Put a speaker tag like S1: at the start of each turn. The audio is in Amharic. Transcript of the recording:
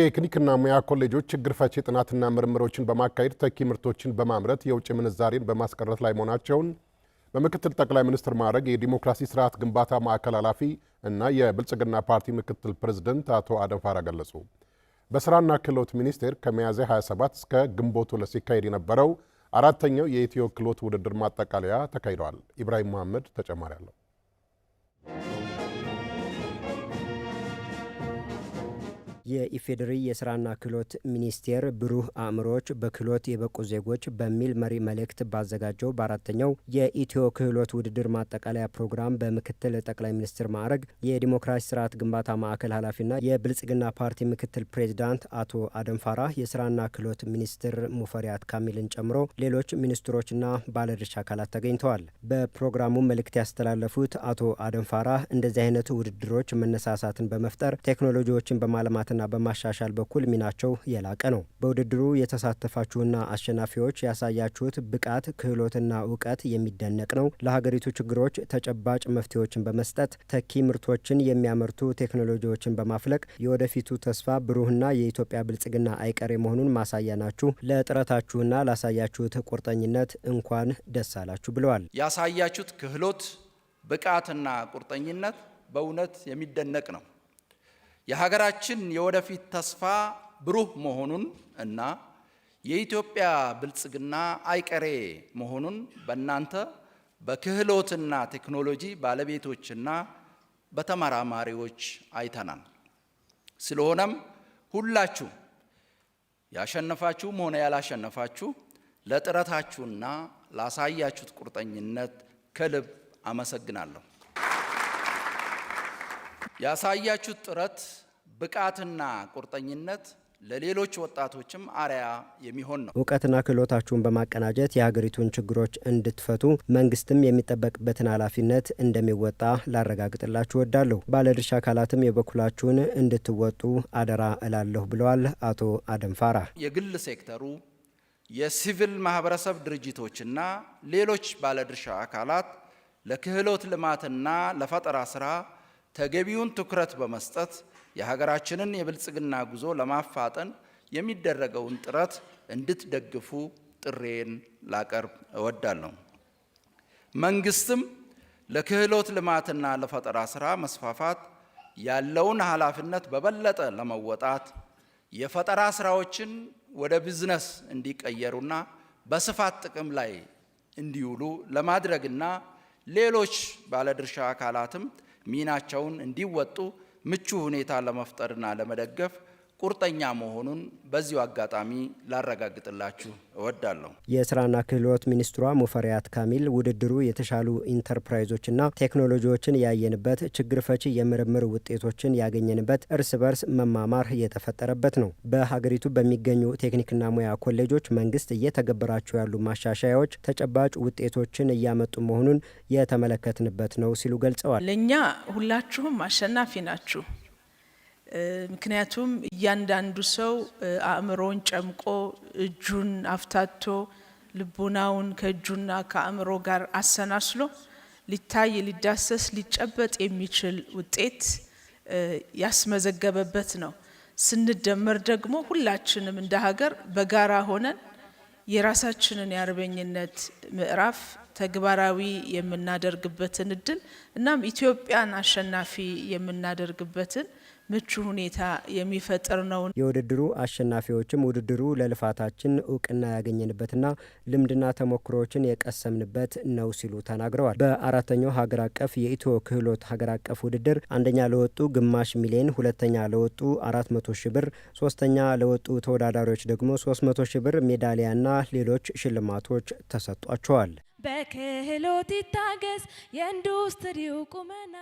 S1: ቴክኒክና ሙያ ኮሌጆች ችግር ፈቺ ጥናትና ምርምሮችን በማካሄድ ተኪ ምርቶችን በማምረት የውጭ ምንዛሬን በማስቀረት ላይ መሆናቸውን በምክትል ጠቅላይ ሚኒስትር ማዕረግ የዲሞክራሲ ስርዓት ግንባታ ማዕከል ኃላፊ እና የብልጽግና ፓርቲ ምክትል ፕሬዝደንት አቶ አደም ፋራ ገለጹ። በስራና ክህሎት ሚኒስቴር ከሚያዝያ 27 እስከ ግንቦት ሁለት ሲካሄድ የነበረው አራተኛው የኢትዮ ክህሎት ውድድር ማጠቃለያ ተካሂደዋል። ኢብራሂም መሐመድ ተጨማሪ አለው።
S2: የኢፌዴሪ የስራና ክህሎት ሚኒስቴር ብሩህ አእምሮች በክህሎት የበቁ ዜጎች በሚል መሪ መልእክት ባዘጋጀው በአራተኛው የኢትዮ ክህሎት ውድድር ማጠቃለያ ፕሮግራም በምክትል ጠቅላይ ሚኒስትር ማዕረግ የዲሞክራሲ ስርዓት ግንባታ ማዕከል ኃላፊና የብልጽግና ፓርቲ ምክትል ፕሬዚዳንት አቶ አደም ፋራህ የስራና ክህሎት ሚኒስትር ሙፈሪያት ካሚልን ጨምሮ ሌሎች ሚኒስትሮችና ባለድርሻ አካላት ተገኝተዋል። በፕሮግራሙ መልእክት ያስተላለፉት አቶ አደም ፋራህ እንደዚህ አይነቱ ውድድሮች መነሳሳትን በመፍጠር ቴክኖሎጂዎችን በማለማትና በመፍጠርና በማሻሻል በኩል ሚናቸው የላቀ ነው። በውድድሩ የተሳተፋችሁና አሸናፊዎች ያሳያችሁት ብቃት፣ ክህሎትና እውቀት የሚደነቅ ነው። ለሀገሪቱ ችግሮች ተጨባጭ መፍትሄዎችን በመስጠት ተኪ ምርቶችን የሚያመርቱ ቴክኖሎጂዎችን በማፍለቅ የወደፊቱ ተስፋ ብሩህና የኢትዮጵያ ብልጽግና አይቀሬ መሆኑን ማሳያ ናችሁ። ለጥረታችሁና ላሳያችሁት ቁርጠኝነት እንኳን ደስ አላችሁ ብለዋል።
S3: ያሳያችሁት ክህሎት ብቃትና ቁርጠኝነት በእውነት የሚደነቅ ነው። የሀገራችን የወደፊት ተስፋ ብሩህ መሆኑን እና የኢትዮጵያ ብልጽግና አይቀሬ መሆኑን በእናንተ በክህሎትና ቴክኖሎጂ ባለቤቶችና በተመራማሪዎች አይተናል። ስለሆነም ሁላችሁ ያሸነፋችሁም ሆነ ያላሸነፋችሁ ለጥረታችሁና ላሳያችሁት ቁርጠኝነት ከልብ አመሰግናለሁ። ያሳያችሁት ጥረት፣ ብቃትና ቁርጠኝነት ለሌሎች ወጣቶችም አርያ የሚሆን ነው።
S2: እውቀትና ክህሎታችሁን በማቀናጀት የሀገሪቱን ችግሮች እንድትፈቱ መንግስትም የሚጠበቅበትን ኃላፊነት እንደሚወጣ ላረጋግጥላችሁ ወዳለሁ። ባለድርሻ አካላትም የበኩላችሁን እንድትወጡ አደራ እላለሁ ብለዋል አቶ አደም ፋራ።
S3: የግል ሴክተሩ የሲቪል ማህበረሰብ ድርጅቶችና ሌሎች ባለድርሻ አካላት ለክህሎት ልማትና ለፈጠራ ስራ ተገቢውን ትኩረት በመስጠት የሀገራችንን የብልጽግና ጉዞ ለማፋጠን የሚደረገውን ጥረት እንድትደግፉ ጥሬን ላቀርብ እወዳለሁ። መንግስትም ለክህሎት ልማትና ለፈጠራ ስራ መስፋፋት ያለውን ኃላፊነት በበለጠ ለመወጣት የፈጠራ ስራዎችን ወደ ቢዝነስ እንዲቀየሩና በስፋት ጥቅም ላይ እንዲውሉ ለማድረግና ሌሎች ባለድርሻ አካላትም ሚናቸውን እንዲወጡ ምቹ ሁኔታ ለመፍጠርና ለመደገፍ ቁርጠኛ መሆኑን በዚሁ አጋጣሚ ላረጋግጥላችሁ እወዳለሁ።
S2: የስራና ክህሎት ሚኒስትሯ ሙፈሪያት ካሚል ውድድሩ የተሻሉ ኢንተርፕራይዞችና ቴክኖሎጂዎችን ያየንበት፣ ችግር ፈቺ የምርምር ውጤቶችን ያገኘንበት፣ እርስ በርስ መማማር የተፈጠረበት ነው። በሀገሪቱ በሚገኙ ቴክኒክና ሙያ ኮሌጆች መንግስት እየተገበራቸው ያሉ ማሻሻያዎች ተጨባጭ ውጤቶችን እያመጡ መሆኑን የተመለከትንበት ነው ሲሉ ገልጸዋል።
S4: ለእኛ ሁላችሁም አሸናፊ ናችሁ ምክንያቱም እያንዳንዱ ሰው አእምሮን ጨምቆ እጁን አፍታቶ ልቡናውን ከእጁና ከአእምሮ ጋር አሰናስሎ ሊታይ ሊዳሰስ ሊጨበጥ የሚችል ውጤት ያስመዘገበበት ነው። ስንደመር ደግሞ ሁላችንም እንደ ሀገር በጋራ ሆነን የራሳችንን የአርበኝነት ምዕራፍ ተግባራዊ የምናደርግበትን እድል እናም ኢትዮጵያን አሸናፊ የምናደርግበትን ምቹ ሁኔታ የሚፈጥር ነው።
S2: የውድድሩ አሸናፊዎችም ውድድሩ ለልፋታችን እውቅና ያገኘንበትና ልምድና ተሞክሮዎችን የቀሰምንበት ነው ሲሉ ተናግረዋል። በአራተኛው ሀገር አቀፍ የኢትዮ ክህሎት ሀገር አቀፍ ውድድር አንደኛ ለወጡ ግማሽ ሚሊየን፣ ሁለተኛ ለወጡ አራት መቶ ሺ ብር፣ ሶስተኛ ለወጡ ተወዳዳሪዎች ደግሞ ሶስት መቶ ሺ ብር ሜዳሊያና ሌሎች ሽልማቶች ተሰጧቸዋል። በክህሎት ይታገዝ የኢንዱስትሪው ቁመና